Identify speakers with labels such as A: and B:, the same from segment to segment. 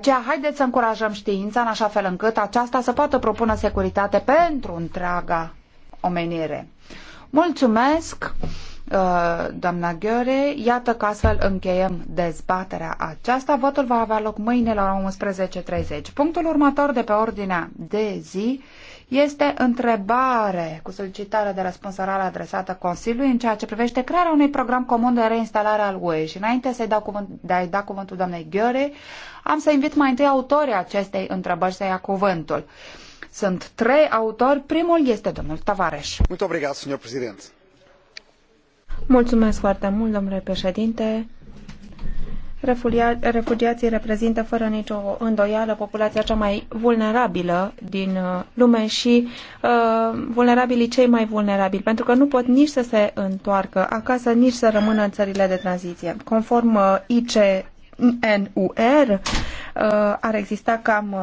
A: aceea, deci, haideți să încurajăm știința în așa fel încât aceasta să poată propună securitate pentru întreaga omenire. Mulțumesc, uh, doamna Gheore. Iată că astfel încheiem dezbaterea aceasta. Votul va avea loc mâine la 11.30. Punctul următor de pe ordinea de zi este întrebare cu solicitare de răspuns oral adresată Consiliului în ceea ce privește crearea unui program comun de reinstalare al UE. Și înainte să-i dau cuvânt, de a-i da cuvântul doamnei Gheore, am să invit mai întâi autorii acestei întrebări să ia cuvântul. Sunt trei autori. Primul este domnul Tavares. Mulțumesc foarte
B: mult, domnule președinte refugiații reprezintă fără nicio îndoială populația cea mai vulnerabilă din uh, lume și uh, vulnerabilii cei mai vulnerabili, pentru că nu pot nici să se întoarcă acasă, nici să rămână în țările de tranziție. Conform uh, ICNUR, uh, ar exista cam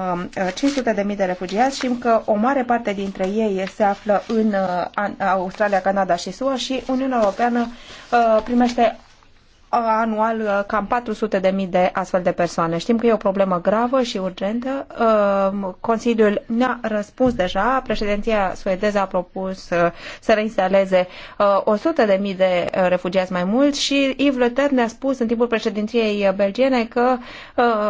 B: 500.000 de refugiați și că o mare parte dintre ei se află în Australia, Canada și SUA și Uniunea Europeană primește anual uh, cam 400.000 de astfel de persoane. Știm că e o problemă gravă și urgentă. Uh, Consiliul ne-a răspuns deja. Președinția suedeză a propus uh, să reinstaleze 100.000 de de refugiați mai mult și Yves Leter ne-a spus în timpul președinției belgiene că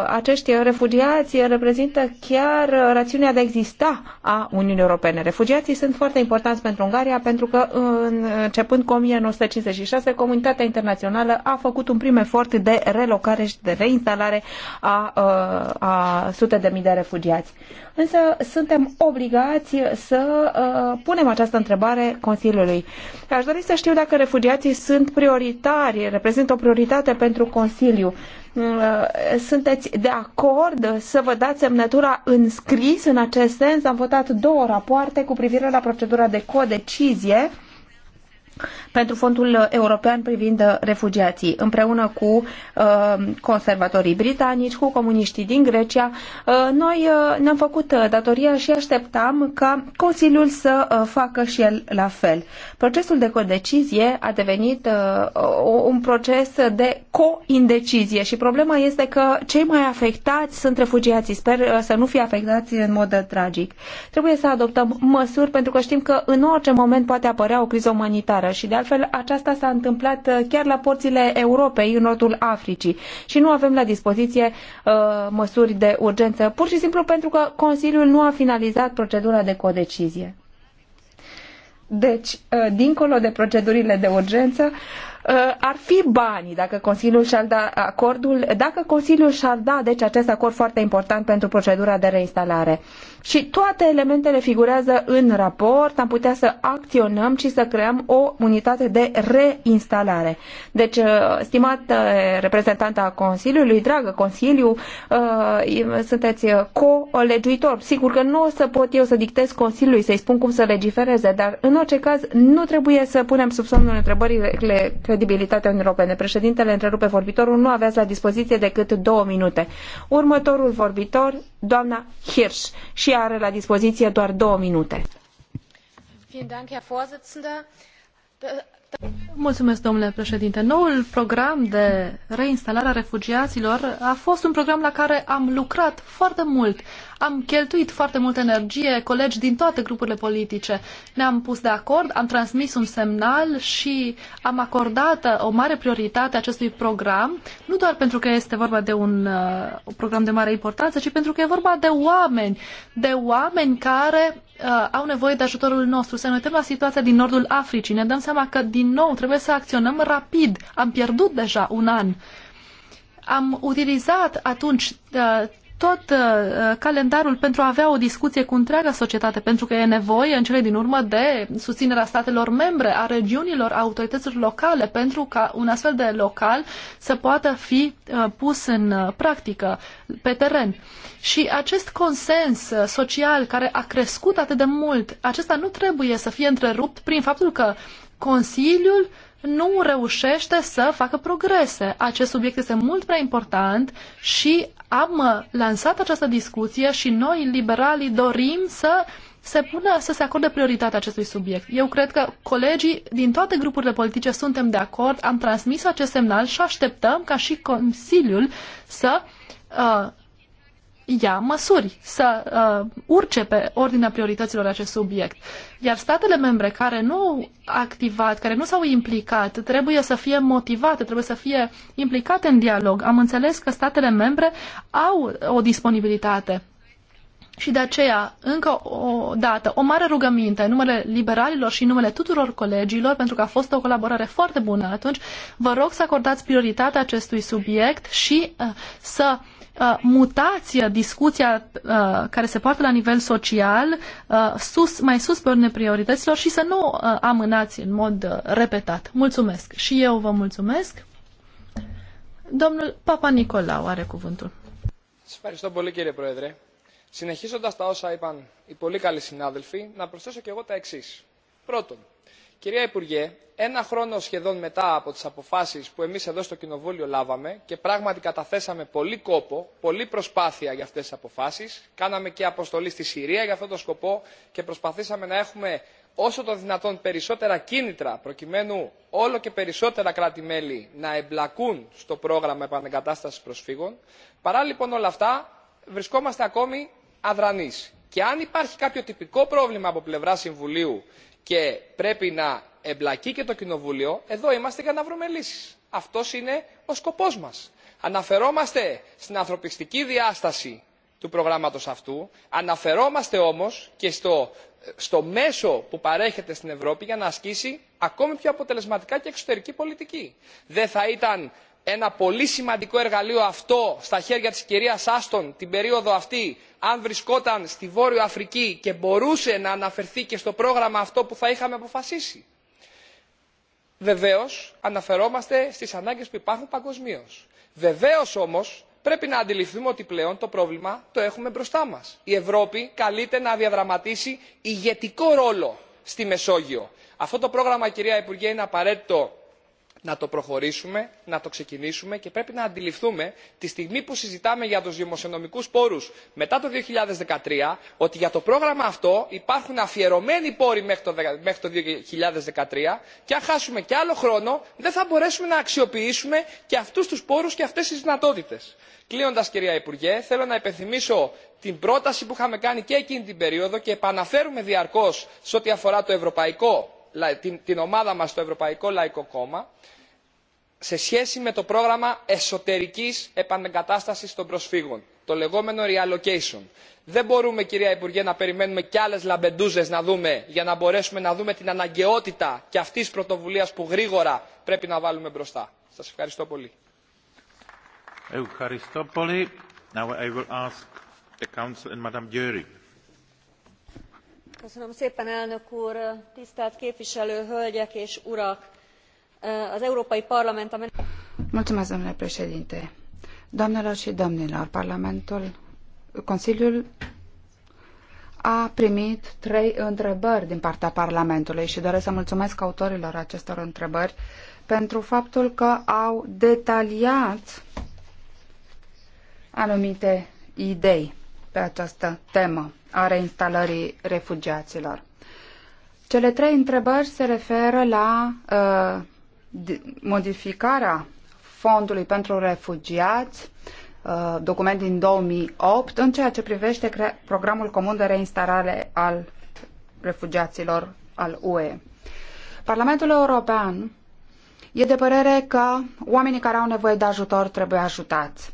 B: acești refugiați reprezintă chiar rațiunea de a exista a Uniunii Europene. Refugiații sunt foarte importanți pentru Ungaria pentru că începând cu 1956 comunitatea internațională a făcut făcut un prim efort de relocare și de reinstalare a, a, a sute de mii de refugiați. Însă suntem obligați să a, punem această întrebare Consiliului. Aș dori să știu dacă refugiații sunt prioritari, reprezintă o prioritate pentru Consiliu mm, sunteți de acord să vă dați semnătura în scris în acest sens? Am votat două rapoarte cu privire la procedura de codecizie pentru Fondul European privind refugiații, împreună cu uh, conservatorii britanici, cu comuniștii din Grecia. Uh, noi uh, ne-am făcut uh, datoria și așteptam ca Consiliul să uh, facă și el la fel. Procesul de codecizie a devenit uh, un proces de co-indecizie și problema este că cei mai afectați sunt refugiații. Sper să nu fie afectați în mod tragic. Trebuie să adoptăm măsuri pentru că știm că în orice moment poate apărea o criză umanitară țară și de altfel aceasta s-a întâmplat uh, chiar la porțile Europei în nordul Africii și nu avem la dispoziție uh, măsuri de urgență, pur și simplu pentru că Consiliul nu a finalizat procedura de codecizie. Deci, uh, dincolo de procedurile de urgență, uh, Uh, ar fi banii dacă Consiliul și-ar da acordul, dacă Consiliul și-ar da, deci acest acord foarte important pentru procedura de reinstalare. Și toate elementele figurează în raport, am putea să acționăm și să creăm o unitate de reinstalare. Deci, uh, stimată reprezentanta a Consiliului, dragă Consiliu, uh, sunteți co-legiuitor. Sigur că nu o să pot eu să dictez Consiliului, să-i spun cum să legifereze, dar în orice caz nu trebuie să punem sub semnul întrebării credibilitatea Uniunii Europene. Președintele întrerupe vorbitorul, nu aveați la dispoziție decât două minute. Următorul vorbitor, doamna Hirsch, și are la dispoziție doar două minute. Vielen Dank, Herr Vorsitzender. Äh,
C: Mulțumesc, domnule președinte. Noul program de reinstalare a refugiaților a fost un program la care am lucrat foarte mult. Am cheltuit foarte multă energie, colegi din toate grupurile politice. Ne-am pus de acord, am transmis un semnal și am acordat o mare prioritate acestui program, nu doar pentru că este vorba de un, uh, un program de mare importanță, ci pentru că e vorba de oameni, de oameni care uh, au nevoie de ajutorul nostru. Să ne uităm la situația din nordul Africii. Ne dăm seama că, din nou, trebuie să acționăm rapid. Am pierdut deja un an. Am utilizat atunci uh, tot uh, uh, calendarul pentru a avea o discuție cu întreaga societate, pentru că e nevoie în cele din urmă de susținerea statelor membre, a regiunilor, a autorităților locale, pentru ca un astfel de local să poată fi uh, pus în uh, practică, pe teren. Și acest consens uh, social care a crescut atât de mult, acesta nu trebuie să fie întrerupt prin faptul că Consiliul uh, nu reușește să facă progrese. Acest subiect este mult prea important și am uh, lansat această discuție și noi, liberalii, dorim să se pună să se acorde prioritatea acestui subiect. Eu cred că colegii din toate grupurile politice suntem de acord, am transmis acest semnal și așteptăm ca și Consiliul să uh, ia măsuri, să uh, urce pe ordinea priorităților acest subiect. Iar statele membre care nu au activat, care nu s-au implicat, trebuie să fie motivate, trebuie să fie implicate în dialog. Am înțeles că statele membre au o disponibilitate. Și de aceea, încă o dată, o mare rugăminte în numele liberalilor și în numele tuturor colegilor, pentru că a fost o colaborare foarte bună atunci, vă rog să acordați prioritatea acestui subiect și uh, să uh, uh, mutați discuția uh, care se poartă la nivel social uh, sus, mai sus pe ordine priorităților și să nu uh, amânați în mod uh, repetat. Mulțumesc. Și eu vă mulțumesc. Domnul Papa Nicolau are cuvântul.
D: Ευχαριστώ πολύ κύριε Πρόεδρε. Συνεχίζοντας τα όσα είπαν οι πολύ καλοί συνάδελφοι, να προσθέσω και εγώ τα εξής. Πρώτον, κυρία Υπουργέ, ένα χρόνο σχεδόν μετά από τις αποφάσεις που εμείς εδώ στο Κοινοβούλιο λάβαμε και πράγματι καταθέσαμε πολύ κόπο, πολύ προσπάθεια για αυτές τις αποφάσεις, κάναμε και αποστολή στη Συρία για αυτόν τον σκοπό και προσπαθήσαμε να έχουμε όσο το δυνατόν περισσότερα κίνητρα προκειμένου όλο και περισσότερα κράτη μέλη να εμπλακούν στο πρόγραμμα επανεγκατάστασης προσφύγων παρά λοιπόν όλα αυτά βρισκόμαστε ακόμη αδρανείς. και αν υπάρχει κάποιο τυπικό πρόβλημα από πλευρά συμβουλίου και πρέπει να εμπλακεί και το Κοινοβούλιο, εδώ είμαστε για να βρούμε λύσεις. Αυτός είναι ο σκοπός μας. Αναφερόμαστε στην ανθρωπιστική διάσταση του προγράμματος αυτού, αναφερόμαστε όμως και στο, στο μέσο που παρέχεται στην Ευρώπη για να ασκήσει ακόμη πιο αποτελεσματικά και εξωτερική πολιτική. Δεν θα ήταν ένα πολύ σημαντικό εργαλείο αυτό στα χέρια της κυρίας Άστον την περίοδο αυτή αν βρισκόταν στη Βόρειο Αφρική και μπορούσε να αναφερθεί και στο πρόγραμμα αυτό που θα είχαμε αποφασίσει βεβαίω αναφερόμαστε στι ανάγκε που υπάρχουν παγκοσμίω. βεβαίω όμω πρέπει να αντιληφθούμε ότι πλέον το πρόβλημα το έχουμε μπροστά μα. η ευρώπη καλείται να διαδραματίσει ηγετικό ρόλο στη μεσόγειο. αυτό το πρόγραμμα κυρία υπουργέ είναι απαραίτητο να το προχωρήσουμε, να το ξεκινήσουμε και πρέπει να αντιληφθούμε τη στιγμή που συζητάμε για τους δημοσιονομικούς πόρους μετά το 2013 ότι για το πρόγραμμα αυτό υπάρχουν αφιερωμένοι πόροι μέχρι το, 2013 και αν χάσουμε και άλλο χρόνο δεν θα μπορέσουμε να αξιοποιήσουμε και αυτούς τους πόρους και αυτές τις δυνατότητες. Κλείνοντας κυρία Υπουργέ, θέλω να υπενθυμίσω την πρόταση που είχαμε κάνει και εκείνη την περίοδο και επαναφέρουμε διαρκώς σε ό,τι αφορά το ευρωπαϊκό την ομάδα μας στο Ευρωπαϊκό Λαϊκό Κόμμα σε σχέση με το πρόγραμμα εσωτερικής επανεγκατάστασης των προσφύγων, το λεγόμενο reallocation. Δεν μπορούμε, κυρία Υπουργέ, να περιμένουμε κι άλλες λαμπεντούζες να δούμε για να μπορέσουμε να δούμε την αναγκαιότητα και αυτής πρωτοβουλίας που γρήγορα πρέπει να βάλουμε μπροστά. Σας ευχαριστώ πολύ.
C: Ευχαριστώ πολύ. Now I will ask the Council and Madame Jury
B: tisztelt képviselő hölgyek és urak! az európai parlament a
A: parlamentul consiliul a primit trei partea parlamentului și doresc să mulțumesc autorilor acestor întrebări pentru faptul că au detaliat anumite idei pe această temă a reinstalării refugiaților. Cele trei întrebări se referă la uh, modificarea fondului pentru refugiați, uh, document din 2008, în ceea ce privește programul comun de reinstalare al refugiaților al UE. Parlamentul European e de părere că oamenii care au nevoie de ajutor trebuie ajutați.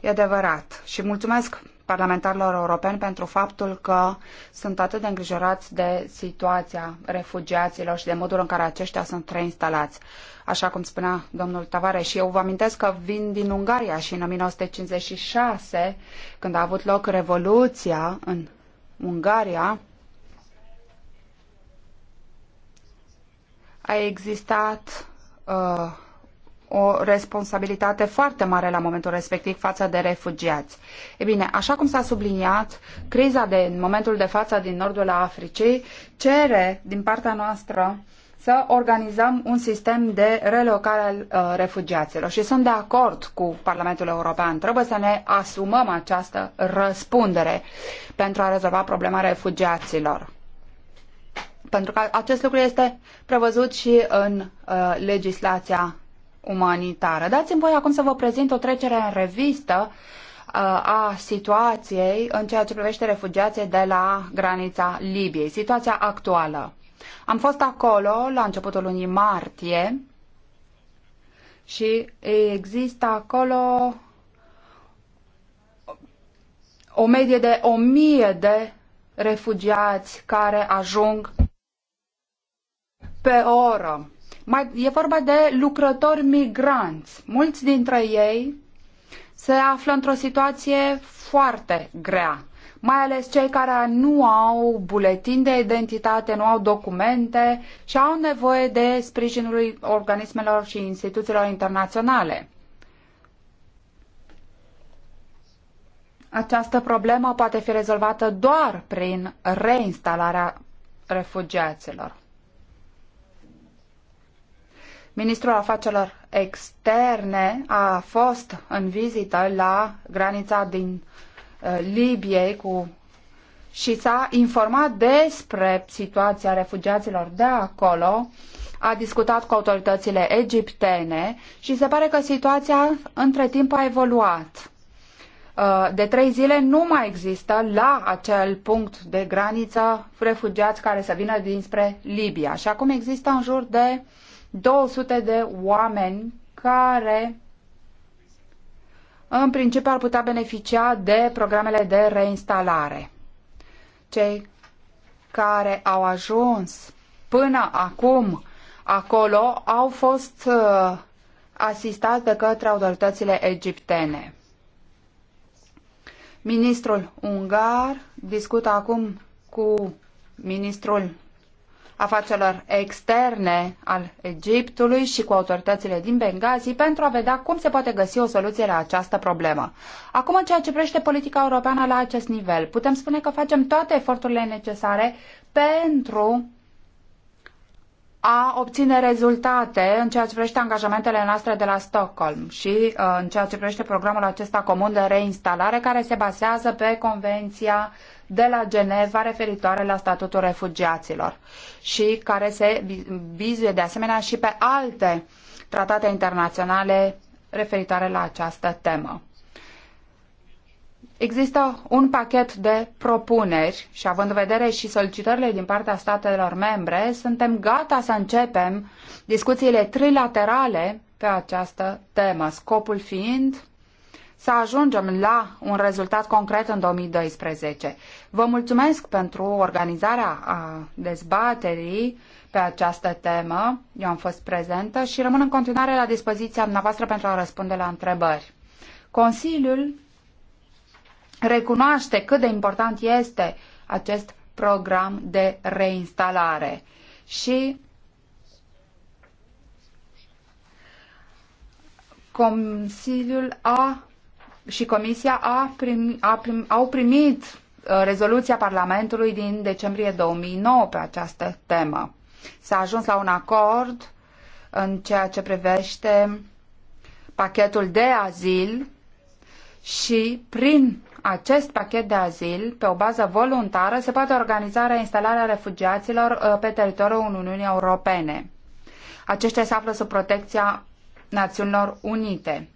A: E adevărat și mulțumesc parlamentarilor europeni pentru faptul că sunt atât de îngrijorați de situația refugiaților și de modul în care aceștia sunt reinstalați. Așa cum spunea domnul Tavare și eu vă amintesc că vin din Ungaria și în 1956, când a avut loc Revoluția în Ungaria, a existat uh, o responsabilitate foarte mare la momentul respectiv față de refugiați. E bine, așa cum s-a subliniat, criza de, în momentul de față din nordul Africii cere din partea noastră să organizăm un sistem de relocare al uh, refugiaților. Și sunt de acord cu Parlamentul European. Trebuie să ne asumăm această răspundere pentru a rezolva problema refugiaților. Pentru că acest lucru este prevăzut și în uh, legislația umanitară. Dați-mi voi acum să vă prezint o trecere în revistă uh, a situației în ceea ce privește refugiații de la granița Libiei, situația actuală. Am fost acolo la începutul lunii martie și există acolo o medie de o mie de refugiați care ajung pe oră. Mai, e vorba de lucrători migranți. Mulți dintre ei se află într-o situație foarte grea, mai ales cei care nu au buletin de identitate, nu au documente și au nevoie de sprijinul organismelor și instituțiilor internaționale. Această problemă poate fi rezolvată doar prin reinstalarea refugiaților. Ministrul Afacerilor Externe a fost în vizită la granița din uh, Libiei cu și s-a informat despre situația refugiaților de acolo, a discutat cu autoritățile egiptene și se pare că situația între timp a evoluat. Uh, de trei zile nu mai există la acel punct de graniță refugiați care să vină dinspre Libia. Și acum există în jur de 200 de oameni care în principiu ar putea beneficia de programele de reinstalare. Cei care au ajuns până acum acolo au fost uh, asistați de către autoritățile egiptene. Ministrul ungar discută acum cu ministrul afacerilor externe al Egiptului și cu autoritățile din Benghazi pentru a vedea cum se poate găsi o soluție la această problemă. Acum, în ceea ce privește politica europeană la acest nivel, putem spune că facem toate eforturile necesare pentru a obține rezultate în ceea ce privește angajamentele noastre de la Stockholm și uh, în ceea ce privește programul acesta comun de reinstalare care se bazează pe Convenția de la Geneva referitoare la statutul refugiaților și care se bizuie de asemenea și pe alte tratate internaționale referitoare la această temă. Există un pachet de propuneri și având în vedere și solicitările din partea statelor membre, suntem gata să începem discuțiile trilaterale pe această temă, scopul fiind să ajungem la un rezultat concret în 2012. Vă mulțumesc pentru organizarea a dezbaterii pe această temă. Eu am fost prezentă și rămân în continuare la dispoziția dumneavoastră pentru a răspunde la întrebări. Consiliul recunoaște cât de important este acest program de reinstalare. Și Consiliul a și Comisia a prim, a prim, au primit uh, rezoluția Parlamentului din decembrie 2009 pe această temă. S-a ajuns la un acord în ceea ce privește pachetul de azil și prin acest pachet de azil, pe o bază voluntară, se poate organiza reinstalarea refugiaților uh, pe teritoriul Uniunii Europene. Aceștia se află sub protecția Națiunilor Unite.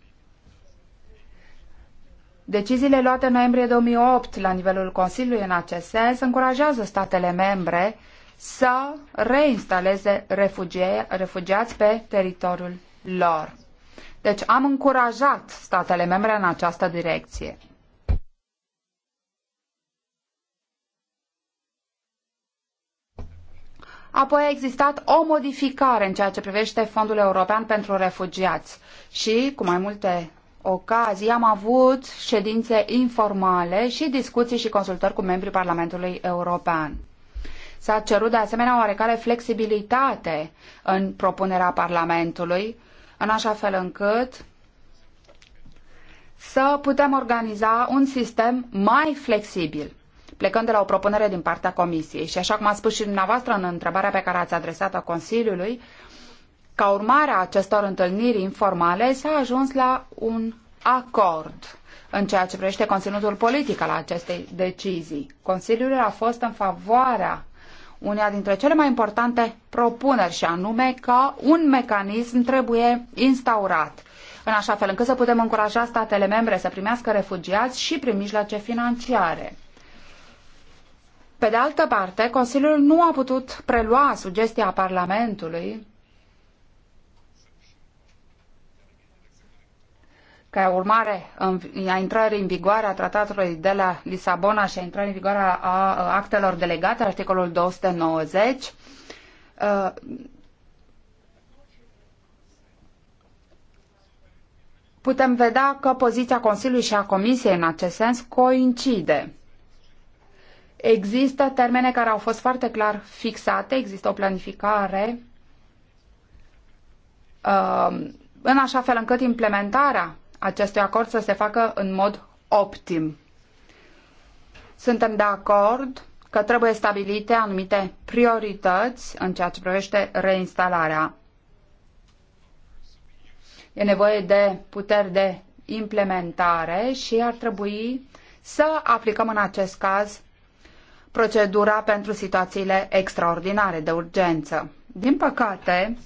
A: Deciziile luate în noiembrie 2008 la nivelul Consiliului în acest sens încurajează statele membre să reinstaleze refugiați pe teritoriul lor. Deci am încurajat statele membre în această direcție. Apoi a existat o modificare în ceea ce privește Fondul European pentru Refugiați și, cu mai multe ocazii, am avut ședințe informale și discuții și consultări cu membrii Parlamentului European. S-a cerut de asemenea oarecare flexibilitate în propunerea Parlamentului în așa fel încât să putem organiza un sistem mai flexibil, plecând de la o propunere din partea Comisiei. Și așa cum a spus și dumneavoastră în întrebarea pe care ați adresat-o Consiliului, ca urmare a acestor întâlniri informale s-a ajuns la un acord în ceea ce privește conținutul politic al acestei decizii. Consiliul a fost în favoarea una dintre cele mai importante propuneri și anume că un mecanism trebuie instaurat în așa fel încât să putem încuraja statele membre să primească refugiați și prin mijloace financiare. Pe de altă parte, Consiliul nu a putut prelua sugestia Parlamentului ca urmare a intrării în vigoare a tratatului de la Lisabona și a intrării în vigoare a actelor delegate, articolul 290, uh, putem vedea că poziția Consiliului și a Comisiei în acest sens coincide. Există termene care au fost foarte clar fixate, există o planificare uh, în așa fel încât implementarea acestui acord să se facă în mod optim. Suntem de acord că trebuie stabilite anumite priorități în ceea ce privește reinstalarea. E nevoie de puteri de implementare și ar trebui să aplicăm în acest caz procedura pentru situațiile extraordinare de urgență. Din păcate,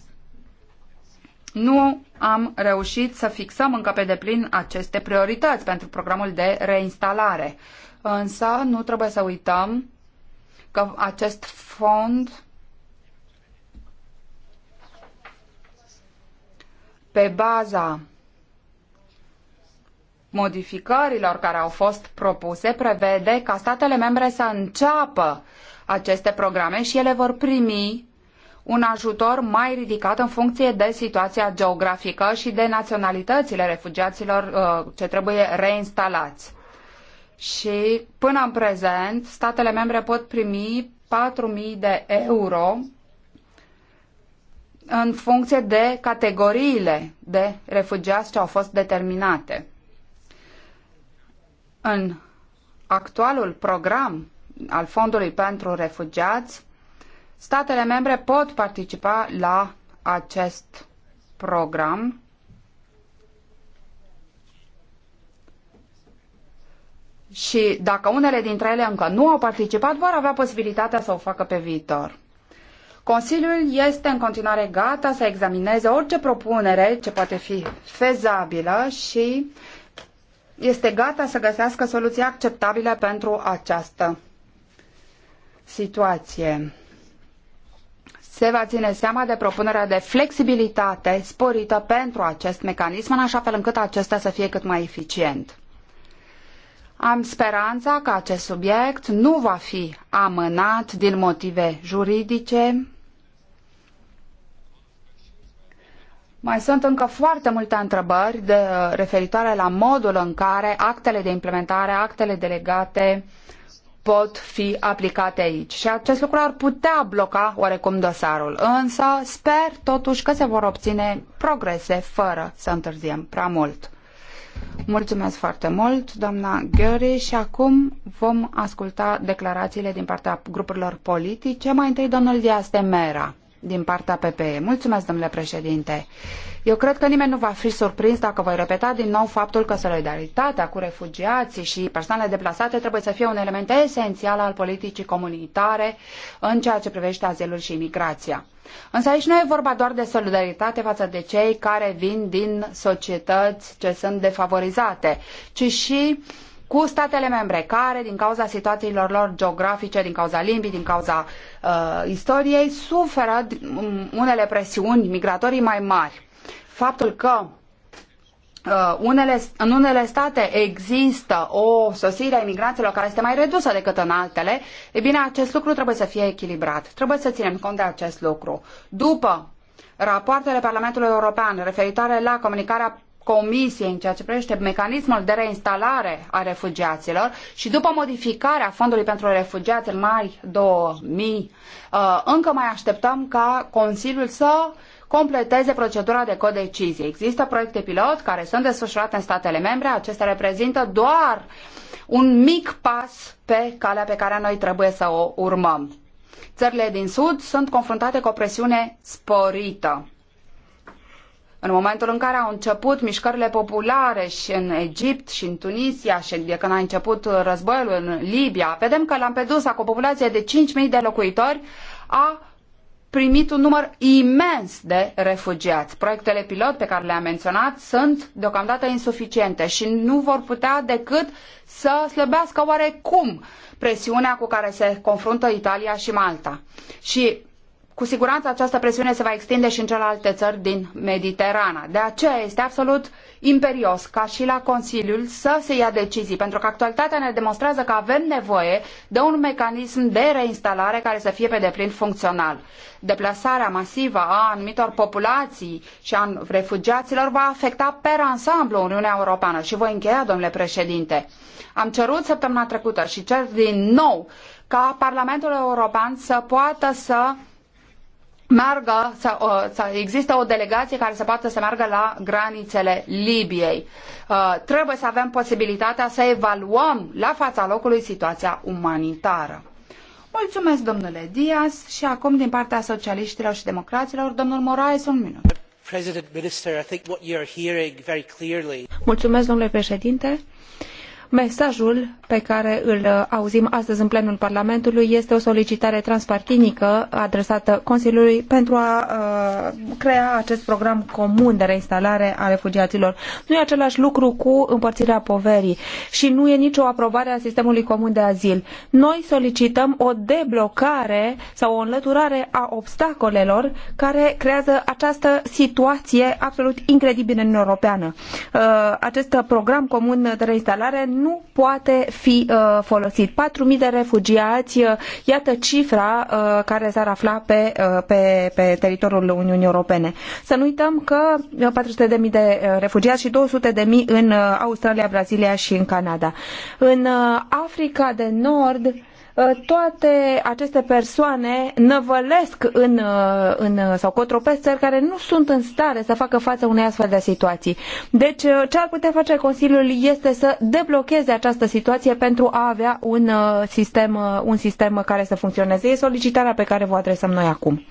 A: nu am reușit să fixăm încă pe deplin aceste priorități pentru programul de reinstalare. Însă nu trebuie să uităm că acest fond pe baza modificărilor care au fost propuse prevede ca statele membre să înceapă aceste programe și ele vor primi un ajutor mai ridicat în funcție de situația geografică și de naționalitățile refugiaților uh, ce trebuie reinstalați. Și până în prezent, statele membre pot primi 4.000 de euro în funcție de categoriile de refugiați ce au fost determinate. În actualul program al Fondului pentru Refugiați, statele membre pot participa la acest program și dacă unele dintre ele încă nu au participat, vor avea posibilitatea să o facă pe viitor. Consiliul este în continuare gata să examineze orice propunere ce poate fi fezabilă și este gata să găsească soluții acceptabile pentru această situație se va ține seama de propunerea de flexibilitate sporită pentru acest mecanism, în așa fel încât acesta să fie cât mai eficient. Am speranța că acest subiect nu va fi amânat din motive juridice. Mai sunt încă foarte multe întrebări de, referitoare la modul în care actele de implementare, actele delegate uh, pot fi aplicate aici. Și acest lucru ar putea bloca oarecum dosarul. Însă sper totuși că se vor obține progrese fără să întârziem prea mult. Mulțumesc foarte mult, doamna Gheori, și acum vom asculta declarațiile din partea grupurilor politice. Mai întâi, domnul Dias de din partea PPE. Mulțumesc, domnule președinte. Uh, eu cred că nimeni nu va fi surprins dacă voi repeta din nou faptul că solidaritatea cu refugiații și persoanele deplasate trebuie să fie un element esențial al politicii comunitare în ceea ce privește azilul și imigrația. Însă aici nu e vorba doar de solidaritate față de cei care vin din societăți ce sunt defavorizate, ci și cu statele membre care, din cauza situațiilor lor geografice, din cauza limbii, din cauza uh, istoriei, suferă um, unele presiuni migratorii mai mari faptul că Uh, unele, în unele state există o sosire a imigranților care este mai redusă decât în altele, e bine, acest lucru trebuie să fie echilibrat. Trebuie să ținem cont de acest lucru. După rapoartele Parlamentului European referitoare la comunicarea Comisiei în ceea ce privește mecanismul de reinstalare a refugiaților și după modificarea Fondului pentru Refugiați în mai 2000, uh, încă mai așteptăm ca Consiliul să uh, completeze procedura de codecizie. Există proiecte pilot care sunt desfășurate în statele membre, acestea reprezintă doar un mic pas pe calea pe care noi trebuie să o urmăm. Țările din Sud sunt confruntate cu o presiune sporită. În momentul în care au început mișcările populare și în Egipt și în Tunisia și de când a început războiul în Libia, vedem că Lampedusa, cu o populație de 5.000 de locuitori, a primit un număr imens de refugiați. Proiectele pilot pe care le-am menționat sunt deocamdată insuficiente și nu vor putea decât să slăbească oarecum presiunea cu care se confruntă Italia și Malta. Și cu siguranță această presiune se va extinde și în celelalte țări din Mediterana. De aceea este absolut imperios ca și la Consiliul să se ia decizii, pentru că actualitatea ne demonstrează că avem nevoie de un mecanism de reinstalare care să fie pe deplin funcțional. Deplasarea masivă a anumitor populații și a refugiaților va afecta per ansamblu Uniunea Europeană. Și voi încheia, domnule președinte. Am cerut săptămâna trecută și cer din nou ca Parlamentul European să poată să meargă, să, să există o delegație care să poată să meargă la granițele Libiei. Uh, trebuie să avem posibilitatea să evaluăm la fața locului situația umanitară. Mulțumesc, domnule Diaz, și acum din partea socialiștilor și democraților, domnul Moraes, un minut.
C: Mulțumesc,
B: domnule președinte. Mesajul pe care îl uh, auzim astăzi în plenul Parlamentului este o solicitare transpartinică adresată Consiliului pentru a uh, crea acest program comun de reinstalare a refugiaților. Nu e același lucru cu împărțirea poverii și nu e nicio aprobare a sistemului comun de azil. Noi solicităm o deblocare sau o înlăturare a obstacolelor care creează această situație absolut incredibilă în Europeană. Uh, acest program comun de reinstalare nu poate fi uh, folosit. 4.000 de refugiați, uh, iată cifra uh, care s-ar afla pe, uh, pe, pe teritoriul Uniunii Europene. Să nu uităm că 400.000 uh, de uh, refugiați și 200.000 în uh, Australia, Brazilia și în Canada. În Africa de Nord, Uh, toate aceste persoane năvălesc în, uh, în, uh, sau cotropesc țări care nu sunt în stare să facă față unei astfel de situații. Deci ce ar putea face Consiliul este să deblocheze această situație pentru a avea un sistem, un sistem care să funcționeze. E solicitarea pe care vă adresăm noi acum.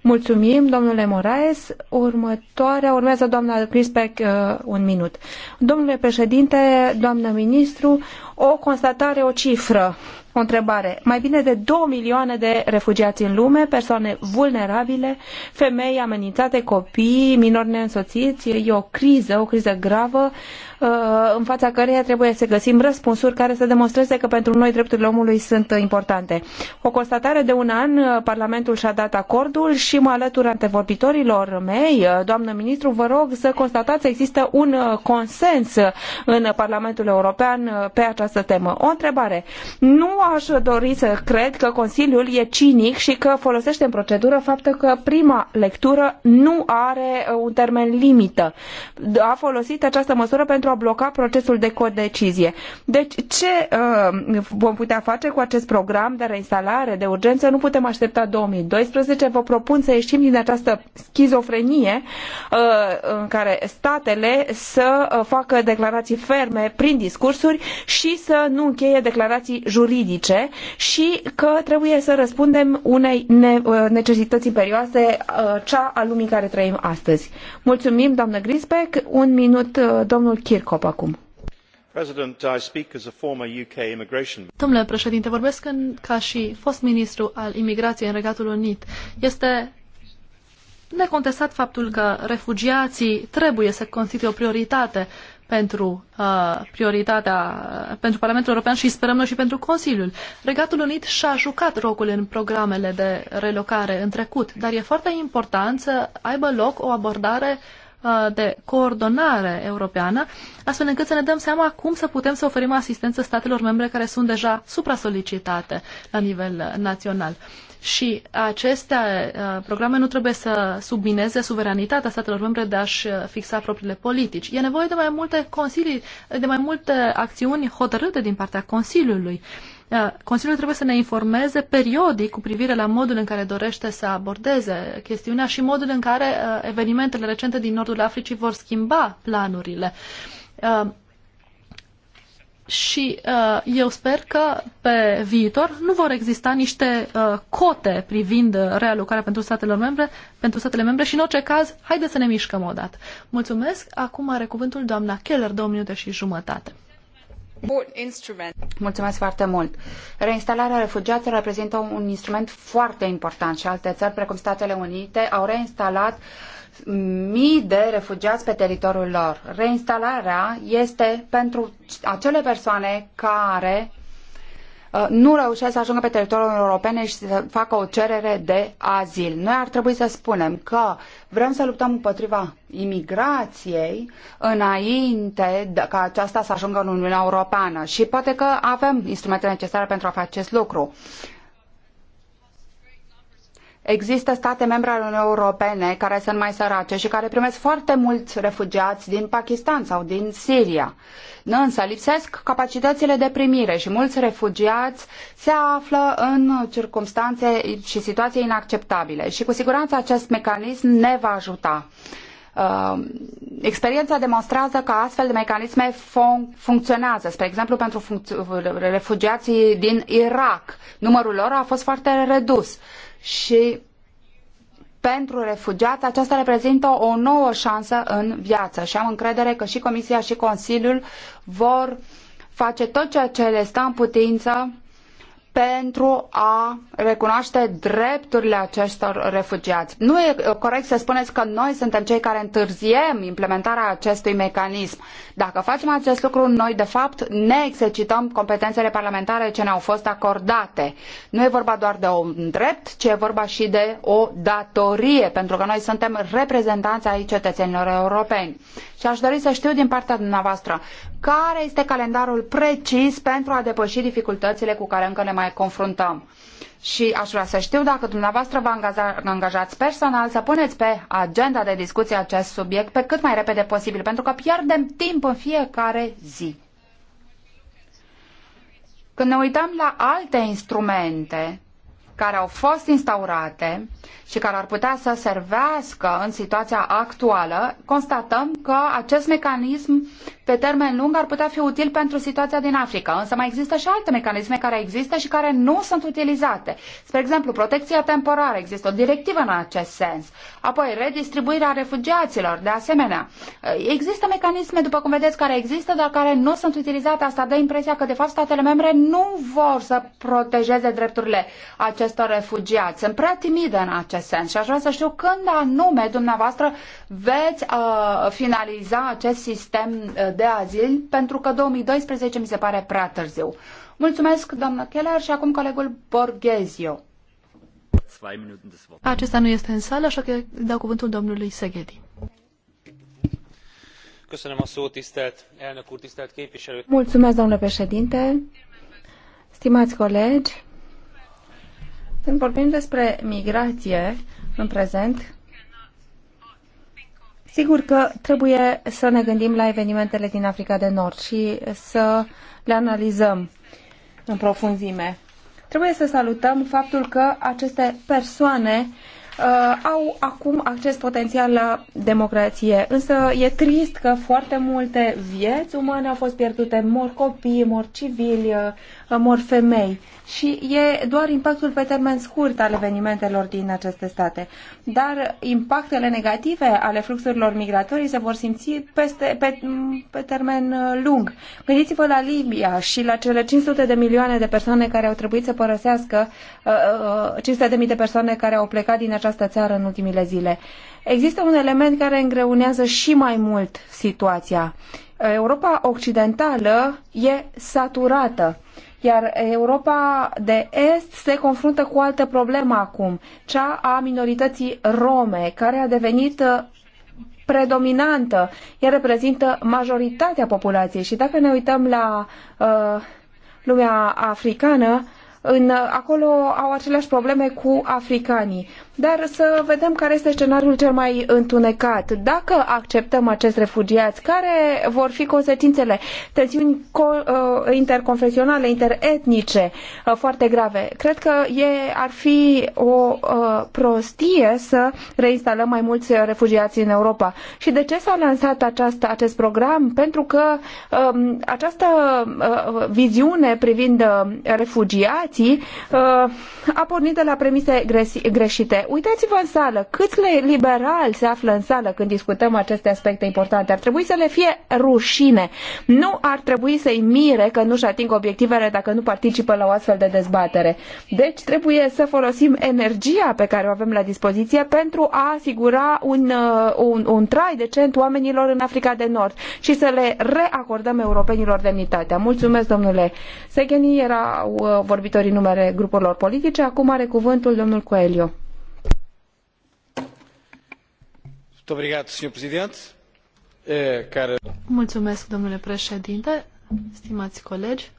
B: Mulțumim, domnule Moraes. Următoarea urmează doamna Crispec un minut. Domnule președinte, doamnă ministru, o constatare, o cifră o întrebare. Mai bine de 2 milioane de refugiați în lume, persoane vulnerabile, femei amenințate, copii, minori neînsoțiți. E o criză, o criză gravă uh, în fața căreia trebuie să găsim răspunsuri care să demonstreze că pentru noi drepturile omului sunt importante. O constatare de un an, uh, Parlamentul și-a dat acordul și mă alătur antevorbitorilor mei. Uh, doamnă ministru, vă rog să constatați, există un consens în Parlamentul European pe această temă. O întrebare. Nu aș dori să cred că Consiliul e cinic și că folosește în procedură faptul că prima lectură nu are uh, un termen limită. A folosit această măsură pentru a bloca procesul de codecizie. Deci ce uh, vom putea face cu acest program de reinstalare de urgență? Nu putem aștepta 2012. Vă propun să ieșim din această schizofrenie uh, în care statele să uh, facă declarații ferme prin discursuri și să nu încheie declarații juridice juridice și că trebuie să răspundem unei uh, necesități imperioase, uh, cea a lumii care trăim astăzi. Mulțumim, doamnă Grisbeck. Un
C: minut, uh, domnul Kirkop acum. Domnule președinte, vorbesc în, ca și fost ministru al imigrației în Regatul Unit. Este necontestat faptul că refugiații trebuie să constituie o prioritate uh, pentru uh, prioritatea pentru Parlamentul European și sperăm noi și pentru Consiliul. Regatul Unit și-a jucat rocul în programele de relocare în trecut, dar e foarte important să aibă loc o abordare uh, de coordonare europeană, astfel încât să ne dăm seama cum să putem să oferim asistență statelor membre care sunt deja supra-solicitate la nivel național. Și aceste uh, programe nu trebuie să submineze suveranitatea statelor membre de a-și uh, fixa propriile politici. E nevoie de mai multe consilii, de mai multe acțiuni hotărâte din partea Consiliului. Uh, Consiliul trebuie să ne informeze periodic cu privire la modul în care dorește să abordeze chestiunea și modul în care evenimentele recente din Nordul Africii vor schimba planurile și uh, eu sper că pe viitor nu vor exista niște uh, cote privind realocarea pentru statele membre, pentru statele membre și în orice caz, haide să ne mișcăm odată. Mulțumesc. Acum are cuvântul doamna Keller, două minute și jumătate.
A: Mulțumesc foarte mult. Reinstalarea refugiaților reprezintă un instrument foarte important și alte țări, precum Statele Unite, au reinstalat uh, mii de refugiați pe teritoriul lor. Reinstalarea este pentru acele persoane care uh, nu reușesc să ajungă pe teritoriul european și să facă o cerere de azil. Noi ar trebui să spunem că vrem să luptăm împotriva imigrației înainte ca aceasta să ajungă în Uniunea Europeană și poate că avem instrumentele necesare pentru a face acest lucru. Există state membre ale Uniunii Europene care sunt mai sărace și care primesc foarte mulți refugiați din Pakistan sau din Siria. Însă lipsesc capacitățile de primire și mulți refugiați se află în circunstanțe și situații inacceptabile și cu siguranță acest mecanism ne va ajuta. Uh, experiența demonstrează că astfel de mecanisme fun- funcționează. Spre exemplu, pentru refugiații din Irak, numărul lor a fost foarte redus și pentru refugiați, aceasta reprezintă o nouă șansă în viață și am încredere că și Comisia și Consiliul vor face tot ceea ce le stă în putință pentru a recunoaște drepturile acestor refugiați. Nu e corect să spuneți că noi suntem cei care întârziem implementarea acestui mecanism. Dacă facem acest lucru, noi de fapt ne exercităm competențele parlamentare ce ne-au fost acordate. Nu e vorba doar de un drept, ci e vorba și de o datorie, pentru că noi suntem reprezentanți ai cetățenilor europeni. Și aș dori să știu din partea dumneavoastră, care este calendarul precis pentru a depăși dificultățile cu care încă ne mai confruntăm. Și aș vrea să știu dacă dumneavoastră vă angajați personal să puneți pe agenda de discuție acest subiect pe cât mai repede posibil, pentru că pierdem timp în fiecare zi. Când ne uităm la alte instrumente care au fost instaurate și care ar putea să servească în situația actuală, constatăm că acest mecanism pe termen lung ar putea fi util pentru situația din Africa. Însă mai există și alte mecanisme care există și care nu sunt utilizate. Spre exemplu, protecția temporară. Există o directivă în acest sens. Apoi, redistribuirea refugiaților, de asemenea. Eh, există mecanisme, după cum vedeți, care există, dar care nu sunt utilizate. Asta dă impresia că, de fapt, statele membre nu vor să protejeze drepturile acestor refugiați. Sunt prea timide în acest sens și aș vrea să știu când anume dumneavoastră veți uh, finaliza acest sistem eh, de azil, pentru că 2012 mi se pare prea târziu. Mulțumesc,
C: doamnă Keller, și acum colegul Borghezio. Acesta nu este în sală, așa că dau cuvântul domnului Seghedi. Mulțumesc, domnule președinte.
B: Stimați colegi, când vorbim despre migrație în prezent, sigur că trebuie să ne gândim la evenimentele din Africa de Nord și să le analizăm în profunzime. Trebuie să salutăm faptul că aceste persoane Uh, au acum acces potențial la democrație. Însă e trist că foarte multe vieți umane au fost pierdute, mor copii, mor civili, uh, mor femei. Și e doar impactul pe termen scurt al evenimentelor din aceste state. Dar impactele negative ale fluxurilor migratorii se vor simți peste, pe, mm, pe termen uh, lung. Gândiți-vă la Libia și la cele 500 de milioane de persoane care au trebuit să părăsească, 500 de mii de persoane care au plecat din această țară în ultimile zile. Există un element care îngreunează și mai mult situația. Europa Occidentală e saturată, iar Europa de Est se confruntă cu altă problemă acum, cea a minorității rome, care a devenit uh, predominantă. Ea reprezintă majoritatea populației și dacă ne uităm la uh, lumea africană, în, acolo au aceleași probleme cu africanii. Dar să vedem care este scenariul cel mai întunecat. Dacă acceptăm acești refugiați, care vor fi consecințele? Tensiuni uh, interconfesionale, interetnice uh, foarte grave. Cred că e, ar fi o uh, prostie să reinstalăm mai mulți refugiați în Europa. Și de ce s-a lansat aceasta, acest program? Pentru că um, această viziune privind refugiați uh, a pornit de la premise greșite. Uitați-vă în sală, câți liberali se află în sală când discutăm aceste aspecte importante. Ar trebui să le fie rușine. Nu ar trebui să-i mire că nu-și ating obiectivele dacă nu participă la o astfel de dezbatere. Deci trebuie să folosim energia pe care o avem la dispoziție pentru a asigura un, uh, un, un trai decent oamenilor în Africa de Nord și să le reacordăm europenilor demnitatea. Mulțumesc, domnule Segeni, erau uh, vorbitor vorbitori în numele grupurilor politice. Acum are cuvântul domnul Coelho.
C: Mulțumesc, domnule președinte, stimați colegi.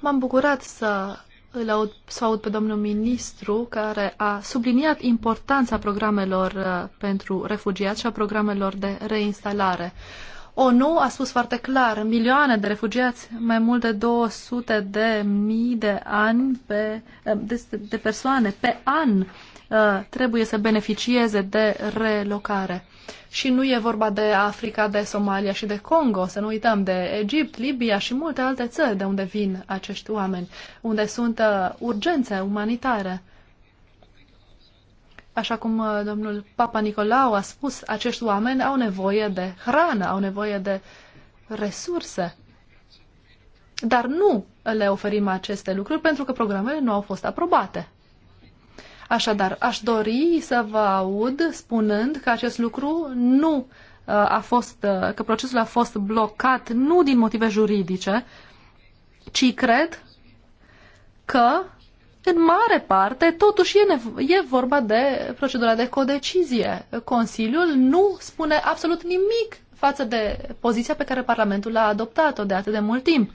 C: M-am bucurat să îl aud, să aud pe domnul ministru care a subliniat importanța programelor uh, pentru refugiați și a programelor de reinstalare. ONU a spus foarte clar, milioane de refugiați, mai mult de 200 de mii de ani pe, eh, de, de persoane pe an eh, trebuie să beneficieze de relocare. Și nu e vorba de Africa, de Somalia și de Congo, să nu uităm, de Egipt, Libia și multe alte țări de unde vin acești oameni, unde sunt eh, urgențe umanitare așa cum uh, domnul Papa Nicolau a spus, acești oameni au nevoie de hrană, au nevoie de resurse. Dar nu le oferim aceste lucruri pentru că programele nu au fost aprobate. Așadar, aș dori să vă aud spunând că acest lucru nu uh, a fost, uh, că procesul a fost blocat nu din motive juridice, ci cred că în mare parte, totuși e, e vorba de procedura de codecizie. Consiliul nu spune absolut nimic față de poziția pe care Parlamentul a adoptat-o de atât de mult timp.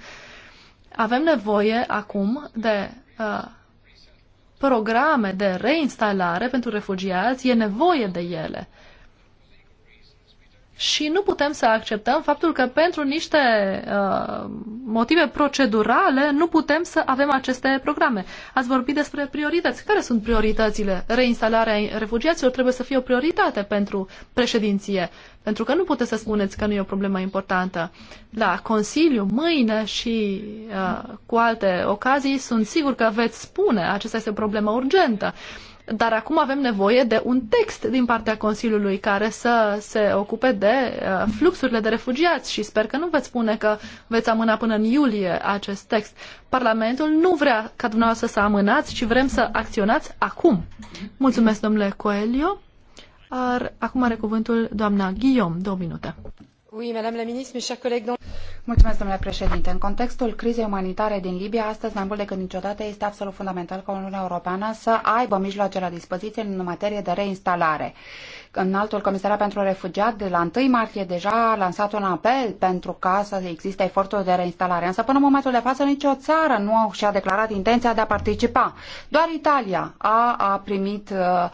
C: Avem nevoie acum de uh, programe de reinstalare pentru refugiați, e nevoie de ele. Uh, și nu putem să acceptăm faptul că pentru niște uh, motive procedurale nu putem să avem aceste programe. Ați vorbit despre priorități. Care sunt prioritățile? Reinstalarea refugiaților trebuie să fie o prioritate pentru președinție, pentru că nu puteți să spuneți că nu e o problemă importantă. La Consiliu, mâine și uh, cu alte ocazii, sunt sigur că veți spune acesta este o problemă urgentă. Uh, dar acum avem nevoie de un text din partea Consiliului care să se ocupe de uh, fluxurile de refugiați și sper că nu veți spune că veți amâna până în iulie acest text. Parlamentul nu vrea ca dumneavoastră să amânați, ci vrem să acționați acum. Mulțumesc, domnule Coelio. Ar, acum are cuvântul doamna Guillaume, două minute.
A: Oui, madame la ministre, mes chers collègues, dans... Mulțumesc, domnule președinte. În contextul crizei umanitare din Libia, astăzi mai mult decât niciodată este absolut fundamental ca Uniunea Europeană să aibă mijloace la dispoziție în materie de reinstalare. Înaltul comisariat pentru refugiat de la 1 martie deja a lansat un apel pentru ca să existe eforturi de reinstalare, însă până în momentul de față nicio țară nu și-a declarat intenția de a participa. Doar Italia a, a primit uh,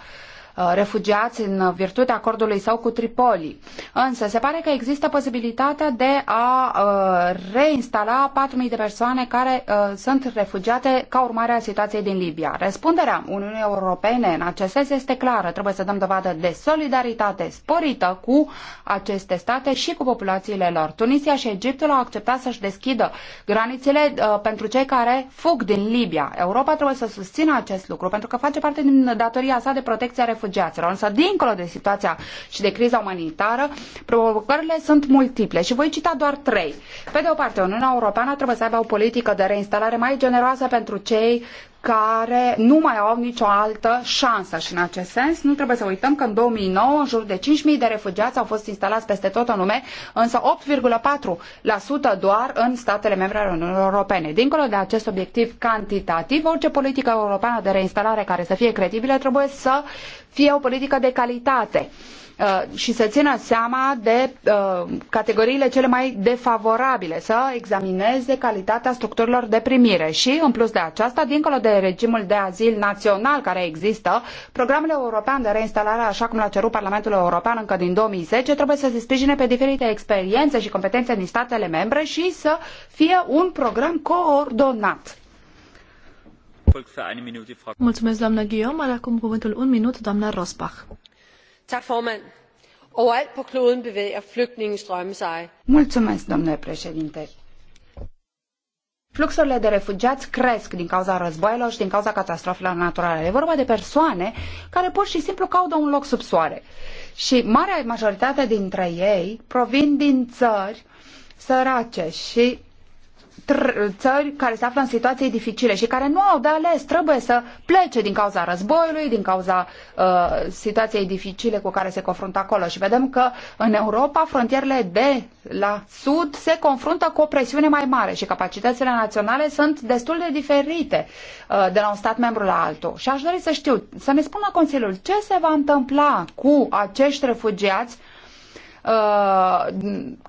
A: Uh, refugiați în virtutea acordului sau cu Tripoli. Însă se pare că există posibilitatea de a uh, reinstala 4.000 de persoane care uh, sunt refugiate ca urmare a situației din Libia. Răspunderea Uniunii Europene în acest sens este clară. Trebuie să dăm dovadă de solidaritate sporită cu aceste state și cu populațiile lor. Tunisia și Egiptul au acceptat să-și deschidă granițele pentru cei care fug din Libia. Europa trebuie să susțină acest lucru pentru că face parte din datoria sa de protecție a refugiaților refugiaților. Însă, dincolo de situația și de criza umanitară, provocările sunt multiple și voi cita doar trei. Pe de o parte, Uniunea Europeană trebuie să aibă o politică de reinstalare mai generoasă pentru cei care nu mai au nicio altă șansă și în acest sens nu trebuie să uităm că în 2009 în jur de 5.000 de refugiați au fost instalați peste tot în lume, însă 8,4% doar în statele membre ale Uniunii Europene. Dincolo de acest obiectiv cantitativ, orice politică europeană de reinstalare care să fie credibilă trebuie să fie o politică de calitate uh, și să țină seama de uh, categoriile cele mai defavorabile, să examineze calitatea structurilor de primire și, în plus de aceasta, dincolo de regimul de azil național care există, programul european de reinstalare, așa cum l-a cerut Parlamentul European încă din 2010, trebuie să se sprijine pe diferite experiențe și competențe din statele membre și să
C: fie un program coordonat. Mulțumesc, doamnă Guillaume. Are acum cuvântul un minut, doamna Rosbach.
A: Overalt på kloden bevæger flygtningestrømme sig.
C: Mulțumesc, domnule președinte.
A: Fluxurile de refugiați cresc din cauza războaielor și din cauza catastrofelor naturale. E vorba de persoane care pur și simplu caută un loc sub soare. Și marea majoritate dintre ei provin din țări sărace și țări care se află în situații dificile și care nu au de ales, trebuie să plece din cauza războiului, din cauza uh, situației dificile cu care se confruntă acolo. Și vedem că în Europa frontierele de la sud se confruntă cu o presiune mai mare și capacitățile naționale sunt destul de diferite uh, de la un stat membru la altul. Și aș dori să știu, să ne spună Consiliul ce se va întâmpla cu acești refugiați Uh,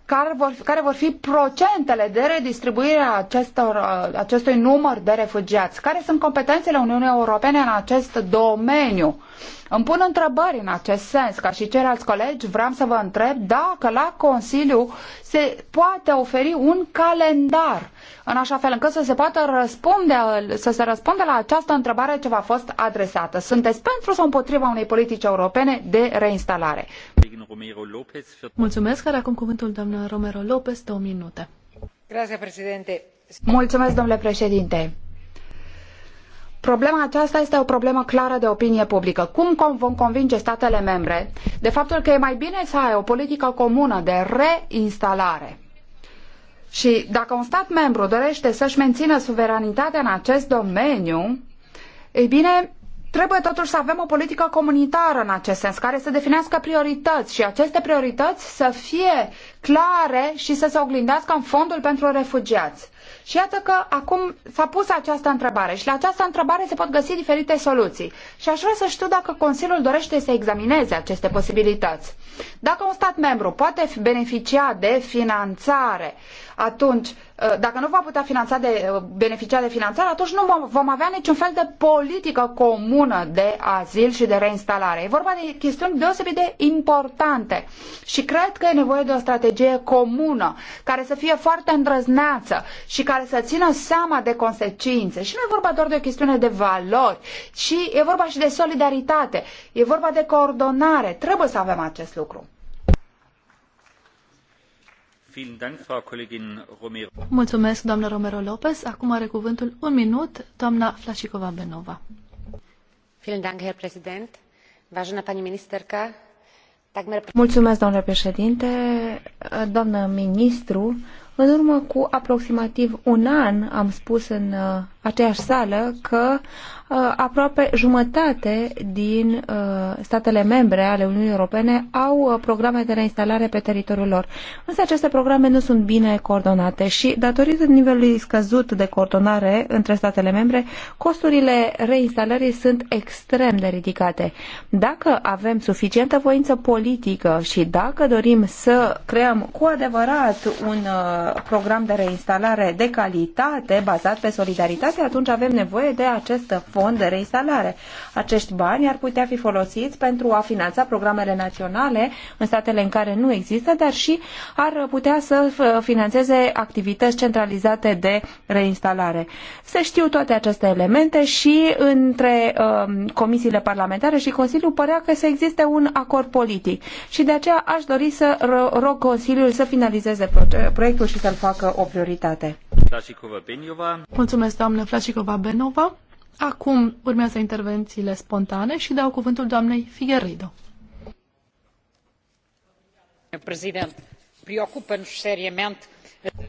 A: care vor, care vor fi procentele de redistribuire a acestor, uh, acestui număr de refugiați? Care sunt competențele Uniunii Europene în acest domeniu? Îmi pun întrebări în acest sens, ca și ceilalți colegi, vreau să vă întreb dacă la Consiliu se poate oferi un calendar în așa fel încât să se poată răspunde, să se răspunde la această întrebare ce v-a fost adresată. Sunteți pentru sau împotriva unei politici europene de reinstalare?
C: Mulțumesc, acum Romero Mulțumesc, domnule președinte. Problema aceasta
A: este o problemă clară de opinie publică. Cum vom convinge statele membre de faptul că e mai bine să ai o politică comună de reinstalare? Și dacă un stat membru dorește să-și mențină suveranitatea în acest domeniu, ei bine, Trebuie totuși să avem o politică comunitară în acest sens, care să definească priorități și aceste priorități să fie clare și să se oglindească în fondul pentru refugiați. Și iată că acum s-a pus această întrebare și la această întrebare se pot găsi diferite soluții. Și aș vrea să știu dacă Consiliul dorește să examineze aceste posibilități. Dacă un stat membru poate beneficia de finanțare, atunci Uh, dacă nu va putea finanța de, uh, beneficia de finanțare, atunci nu vom avea niciun fel de politică comună de azil și de reinstalare. E vorba de chestiuni deosebit de importante și cred că e nevoie de o strategie comună care să fie foarte îndrăzneață și care să țină seama de consecințe. Și nu e vorba doar de o chestiune de valori, ci e vorba și de solidaritate, e vorba de coordonare. Trebuie să avem acest lucru.
D: Mulțumesc,
C: doamnă Romero Lopez. Acum are cuvântul un minut doamna Flașicova Benova.
B: Mulțumesc, domnule președinte, doamnă ministru. În urmă cu aproximativ un an am spus în aceeași sală că uh, aproape jumătate din uh, statele membre ale Uniunii Europene au uh, programe de reinstalare pe teritoriul lor. Însă aceste programe nu sunt bine coordonate și, datorită nivelului scăzut de coordonare între statele membre, costurile reinstalării sunt extrem de ridicate. Dacă avem suficientă voință politică și dacă dorim să creăm cu adevărat un program de reinstalare de calitate bazat pe solidaritate, realitate, atunci avem nevoie de acest fond de reinstalare. Acești bani ar putea fi folosiți pentru a finanța programele naționale în statele în care nu există, dar și ar putea să financeze activități centralizate de reinstalare. Se știu toate aceste elemente și între uh, comisiile parlamentare și Consiliul părea că să existe un acord politic și de aceea aș dori să rog Consiliul să finalizeze proiectul și să-l facă o prioritate.
D: Mulțumesc,
C: doamne doamnă Flașicova Benova. Acum urmează intervențiile spontane și dau cuvântul doamnei Figueredo. Președinte,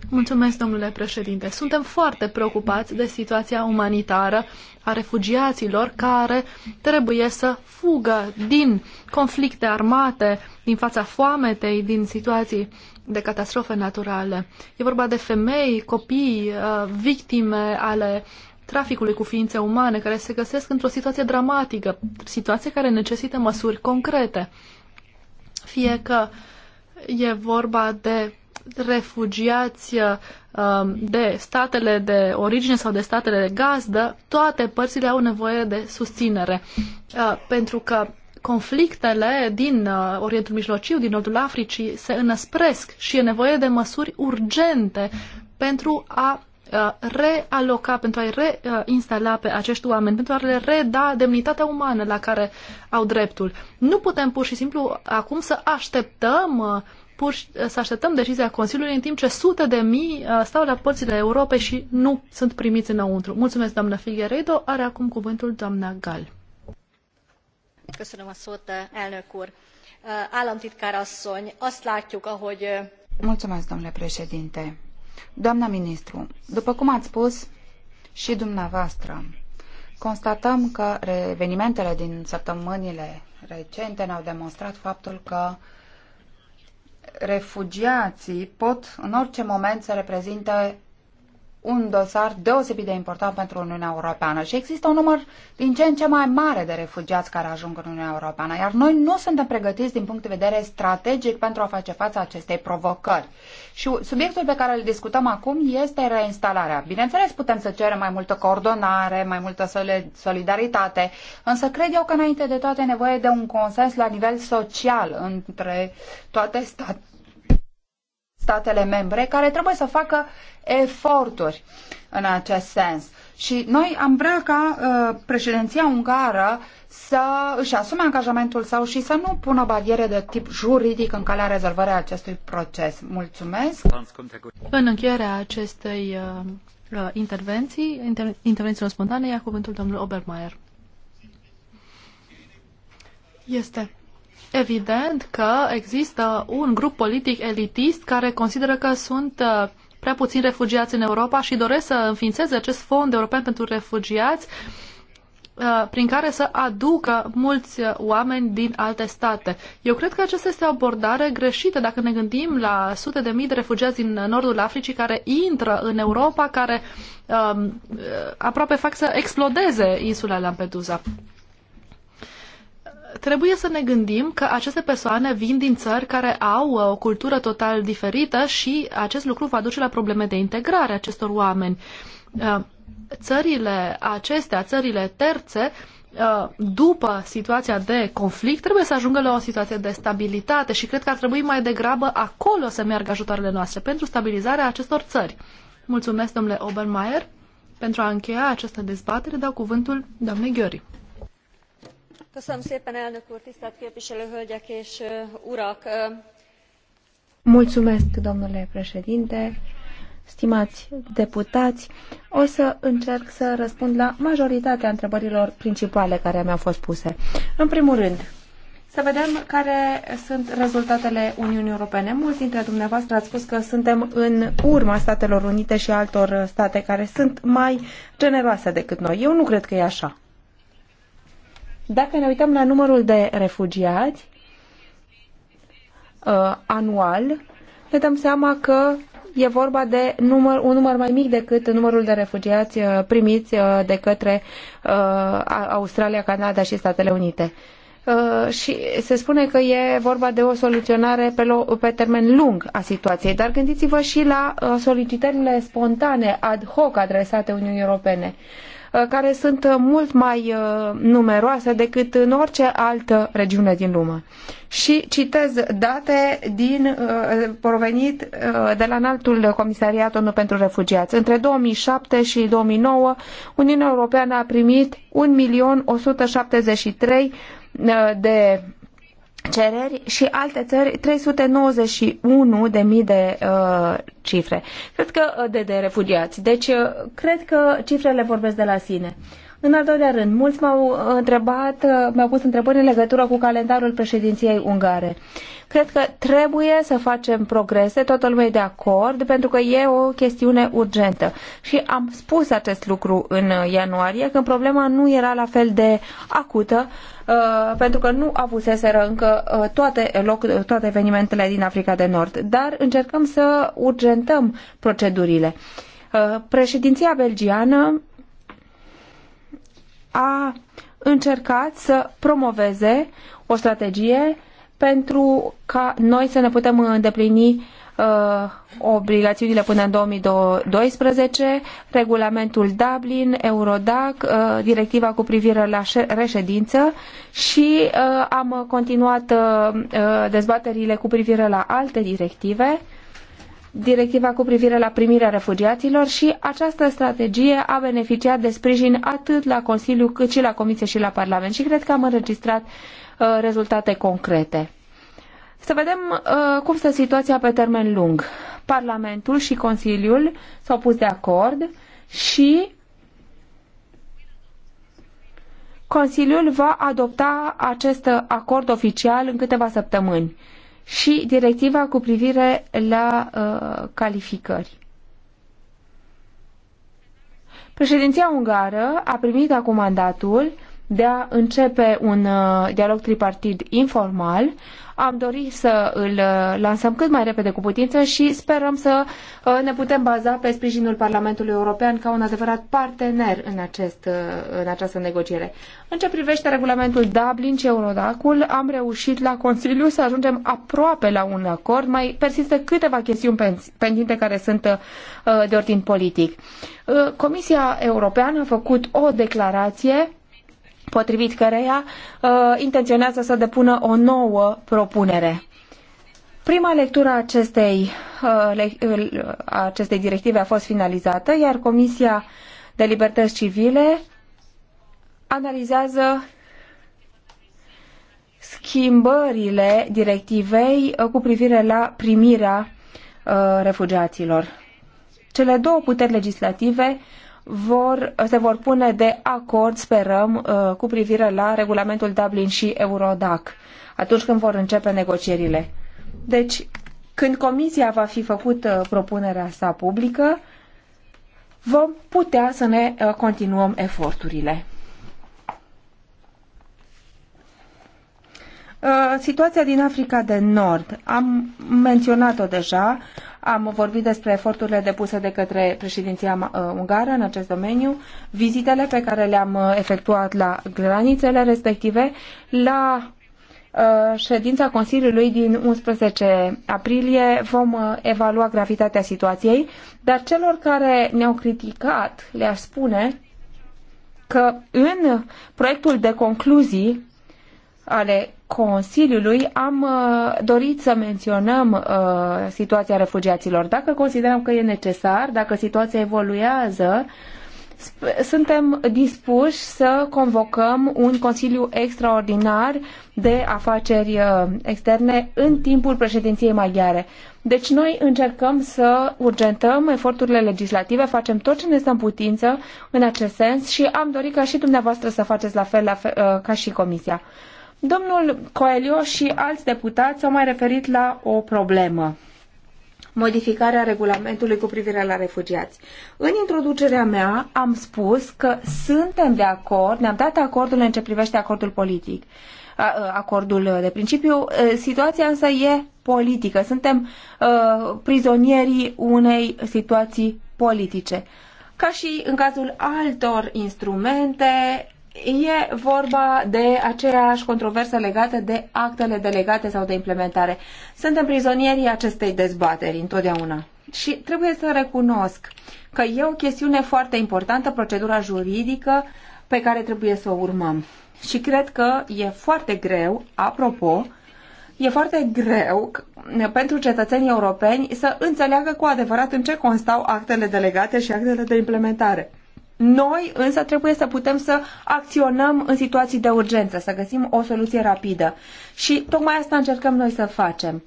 C: Mulțumesc, domnule președinte. Suntem foarte preocupați de situația umanitară a refugiaților care trebuie să fugă din conflicte armate, din fața foametei, din situații de catastrofe naturale. E vorba de femei, copii, uh, victime ale traficului cu ființe umane care se găsesc într-o situație dramatică, situație care necesită măsuri concrete. Fie că e vorba de refugiați uh, de statele de origine sau de statele de gazdă, toate părțile au nevoie de susținere. Uh, pentru că conflictele din uh, Orientul Mijlociu, din Nordul Africii, se înăspresc și e nevoie de măsuri urgente pentru a uh, realoca, pentru a-i reinstala pe acești oameni, pentru a le reda demnitatea umană la care au dreptul. Nu putem pur și simplu acum să așteptăm uh, pur și, să așteptăm decizia Consiliului în timp ce sute de mii stau la părțile Europei și nu sunt primiți înăuntru. Mulțumesc, doamna Figueredo. Are acum cuvântul doamna Gal. Eh, elnök úr eh, államtitkár asszony azt látjuk ahogy. Eh,
A: Mulțumesc, domnule președinte. Doamna ministru, după cum ați spus și dumneavoastră, constatăm că evenimentele din săptămânile recente ne-au demonstrat faptul că refugiații pot în orice moment să reprezinte un dosar deosebit de important pentru Uniunea Europeană și există un număr din ce în ce mai mare de refugiați care ajung în Uniunea Europeană, iar noi nu suntem pregătiți din punct de vedere strategic pentru a face față acestei provocări. Și subiectul pe care îl discutăm acum este reinstalarea. Bineînțeles, putem să cerem mai multă coordonare, mai multă solidaritate, însă cred eu că înainte de toate e nevoie de un consens la nivel social între toate statele statele membre care trebuie să facă eforturi în acest sens. Și noi am vrea ca uh, președinția ungară să își asume angajamentul său și să nu pună bariere de tip juridic în calea rezolvării acestui proces. Mulțumesc! În
C: încheierea acestei uh, uh intervenții, inter intervențiilor spontane, ia cuvântul domnul Obermeier. Este Evident că există un grup politic elitist care consideră că sunt uh, prea puțini refugiați în Europa și doresc să înființeze acest fond european pentru refugiați uh, prin care să aducă mulți uh, oameni din alte state. Eu cred că aceasta este o abordare greșită dacă ne gândim la sute de mii de refugiați din nordul Africii care intră în Europa, care um, aproape fac să explodeze insula Lampedusa trebuie să ne gândim că aceste persoane vin din țări care au uh, o cultură total diferită și acest lucru va duce la probleme de integrare acestor oameni. Uh, țările acestea, țările terțe, uh, după situația de conflict, trebuie să ajungă la o situație de stabilitate și cred că ar trebui mai degrabă acolo să meargă ajutoarele noastre pentru stabilizarea acestor țări. Mulțumesc, domnule Obermeier. Pentru a încheia această dezbatere, dau cuvântul doamnei Gheori.
B: Mulțumesc, domnule președinte, stimați deputați. O să încerc să răspund la majoritatea întrebărilor principale care mi-au fost puse. În primul rând, să vedem care sunt rezultatele Uniunii Europene. Mulți dintre dumneavoastră ați spus că suntem în urma Statelor Unite și altor state care sunt mai generoase decât noi. Eu nu cred că e așa. Dacă ne uităm la numărul de refugiați uh, anual, ne dăm seama că e vorba de număr, un număr mai mic decât numărul de refugiați uh, primiți uh, de către uh, Australia, Canada și Statele Unite. Uh, și se spune că e vorba de o soluționare pe, pe termen lung a situației, dar gândiți-vă și la uh, solicitările spontane ad hoc adresate Uniunii Europene. Uh, Uh, care sunt uh, mult mai uh, numeroase decât în orice altă regiune din lume. Și citez date din, provenit de la înaltul comisariat ONU pentru refugiați. Între 2007 și 2009, Uniunea Europeană a primit 1.173 de cereri și alte țări unu de mii de uh, cifre. Cred că uh, de, de refugiați. Deci uh, cred că cifrele vorbesc de la sine. În al doilea rând, mulți m-au uh, întrebat, uh, mi-au pus întrebări în legătură cu calendarul președinției ungare. Cred că trebuie să facem progrese, toată lumea e de acord, pentru că e o chestiune urgentă. Și am spus acest lucru în uh, ianuarie, când problema nu era la fel de acută, pentru că nu avuseseră încă toate, loc, toate evenimentele din Africa de Nord. Dar încercăm să urgentăm procedurile. Președinția belgiană a încercat să promoveze o strategie pentru ca noi să ne putem îndeplini uh, obligațiunile până în 2012, regulamentul Dublin, Eurodac, uh, directiva cu privire la reședință și uh, am continuat dezbaterile cu privire la alte directive directiva cu privire la primirea refugiaților și această strategie a beneficiat de sprijin atât la Consiliu cât și la Comisie și la Parlament și cred că am înregistrat uh, rezultate concrete. Să vedem uh, cum stă situația pe termen lung. Parlamentul și Consiliul s-au pus de acord și Consiliul va adopta acest acord oficial în câteva săptămâni și directiva cu privire la uh, calificări. Președinția ungară a primit acum mandatul de a începe un uh, dialog tripartit informal. Am dorit să îl uh, lansăm cât mai repede cu putință și sperăm să uh, ne putem baza pe sprijinul Parlamentului European ca un adevărat partener în, acest, în această negociere. În ce privește regulamentul Dublin și Eurodacul, am reușit la Consiliu să ajungem aproape la un acord. Mai persistă câteva chestiuni pendinte care sunt de ordin politic. Comisia Europeană a făcut o declarație potrivit căreia uh, intenționează să depună o nouă propunere. Prima lectură a acestei, uh, uh, a acestei directive a fost finalizată, iar Comisia de Libertăți Civile analizează schimbările directivei cu privire la primirea refugiaților. Cele două puteri legislative vor, se vor pune de acord, sperăm, uh, cu privire la regulamentul Dublin și Eurodac atunci când vor începe negocierile. Deci, când Comisia va fi făcut uh, propunerea sa publică, vom putea să ne uh, continuăm eforturile. Uh, situația din Africa de Nord. Am menționat-o deja, am vorbit despre eforturile depuse de către președinția uh, ungară în acest domeniu, vizitele pe care le-am uh, efectuat la granițele respective, la ședința Consiliului din 11 aprilie vom evalua gravitatea situației, dar celor care ne-au criticat le-aș spune că în proiectul de concluzii ale Consiliului am uh, dorit să menționăm uh, situația refugiaților. Dacă considerăm că e necesar, dacă situația evoluează, suntem dispuși să convocăm un Consiliu extraordinar de afaceri uh, externe în timpul președinției maghiare. Deci noi încercăm să urgentăm eforturile legislative, facem tot ce ne stă în putință în acest sens și am dorit ca și dumneavoastră să faceți la fel, la fel ca și Comisia. Domnul Coelho și alți deputați s-au mai referit la o problemă modificarea regulamentului cu privire la refugiați. În introducerea mea am spus că suntem de acord, ne-am dat acordul în ce privește acordul politic, acordul de principiu. Situația însă e politică. Suntem uh, prizonierii unei situații politice. Ca și în cazul altor instrumente, E vorba de aceeași controversă legată de actele delegate sau de implementare. Suntem prizonierii acestei dezbateri întotdeauna. Și trebuie să recunosc că e o chestiune foarte importantă, procedura juridică pe care trebuie să o urmăm. Și cred că e foarte greu, apropo, e foarte greu pentru cetățenii europeni să înțeleagă cu adevărat în ce constau actele delegate și actele de implementare. Noi însă trebuie să putem să acționăm în situații de urgență, să găsim o soluție rapidă. Și tocmai asta încercăm noi să facem.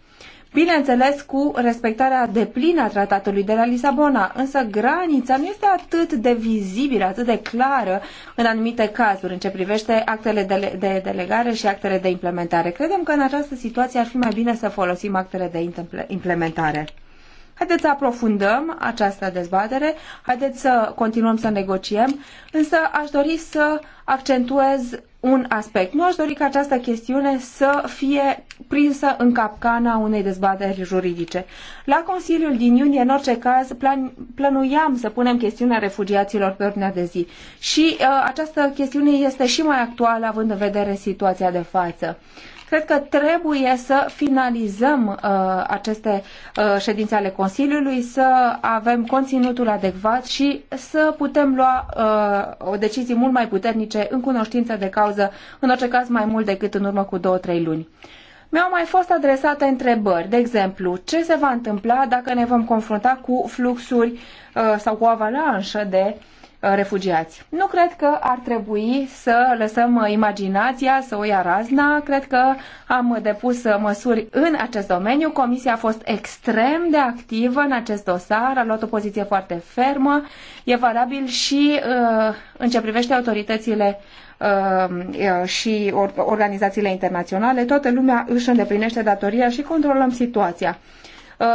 B: Bineînțeles, cu respectarea deplină a tratatului de la Lisabona, însă granița nu este atât de vizibilă, atât de clară în anumite cazuri în ce privește actele de, de delegare și actele de implementare. Credem că în această situație ar fi mai bine să folosim actele de implementare. Haideți să aprofundăm această dezbatere, haideți să continuăm să negociem, însă aș dori să accentuez un aspect. Nu aș dori ca această chestiune să fie prinsă în capcana unei dezbateri juridice. La Consiliul din iunie, în orice caz, plan, plănuiam să punem chestiunea refugiaților pe ordinea de zi. Și uh, această chestiune este și mai actuală, având în vedere situația de față. Uh, Cred că trebuie să finalizăm uh, aceste uh, ședințe ale Consiliului, să avem conținutul adecvat și să putem lua uh, o decizie mult mai puternice în cunoștință de cauză, în orice caz mai mult decât în urmă cu două-trei luni. Mi-au mai fost adresate întrebări, de exemplu, ce se va întâmpla dacă ne vom confrunta cu fluxuri uh, sau cu o avalanșă de uh, Uh, refugiați. Nu cred că ar trebui să lăsăm uh, imaginația să o ia razna. Cred că am depus uh, măsuri în acest domeniu. Comisia a fost extrem de activă în acest dosar, a luat o poziție foarte fermă. E valabil și în ce privește autoritățile și organizațiile internaționale. Toată lumea își îndeplinește datoria și controlăm situația. Uh,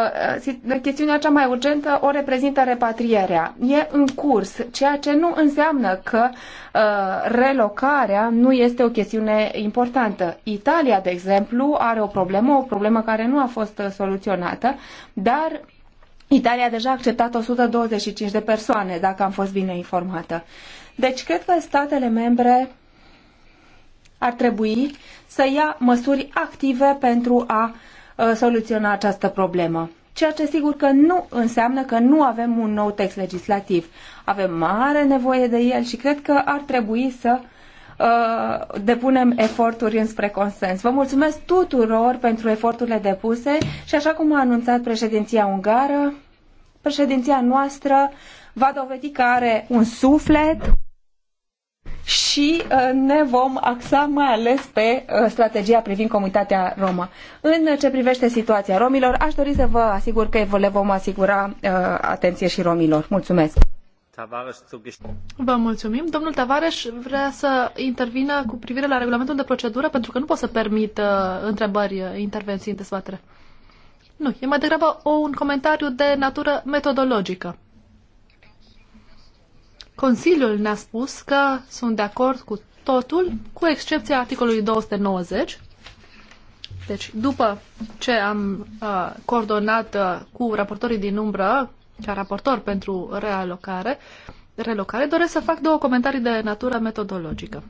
B: uh, chestiunea cea mai urgentă o reprezintă repatrierea. E în curs, ceea ce nu înseamnă că uh, relocarea nu este o chestiune importantă. Italia, de exemplu, are o problemă, o problemă care nu a fost soluționată, dar Italia a deja acceptat 125 de persoane, dacă am fost bine informată. Deci cred că statele membre ar trebui să ia măsuri active pentru a uh, Uh, soluționa această problemă. Ceea ce sigur că nu înseamnă că nu avem un nou text legislativ. Avem mare nevoie de el și cred că ar trebui să uh, depunem eforturi înspre consens. Vă mulțumesc tuturor pentru eforturile depuse și așa cum a anunțat președinția ungară, președinția noastră va dovedi că are un suflet și uh, ne vom axa mai ales pe uh, strategia privind comunitatea romă. În ce privește situația romilor, aș dori să vă asigur că le vom asigura uh, atenție și romilor. Mulțumesc!
C: Vă mulțumim. Domnul Tavares vrea să intervină cu privire la regulamentul de procedură pentru că nu pot să permit întrebări, intervenții în dezbatere. Nu, e mai degrabă un comentariu de natură metodologică. Consiliul ne-a spus că sunt de acord cu totul, cu excepția articolului 290. Deci, după ce am uh, coordonat uh, cu raportorii din umbră, ca raportor pentru realocare, relocare, doresc să fac două comentarii de natură metodologică.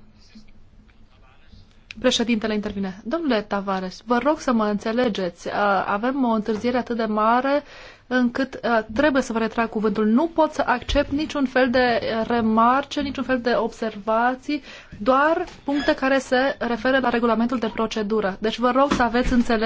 C: Președintele intervine. Domnule Tavares, vă rog să mă înțelegeți. Uh, avem o întârziere atât de mare încât uh, trebuie să vă retrag cuvântul. Nu pot să accept niciun fel de remarce, niciun fel de observații, doar puncte care se referă la regulamentul de procedură. Deci vă rog să aveți înțeles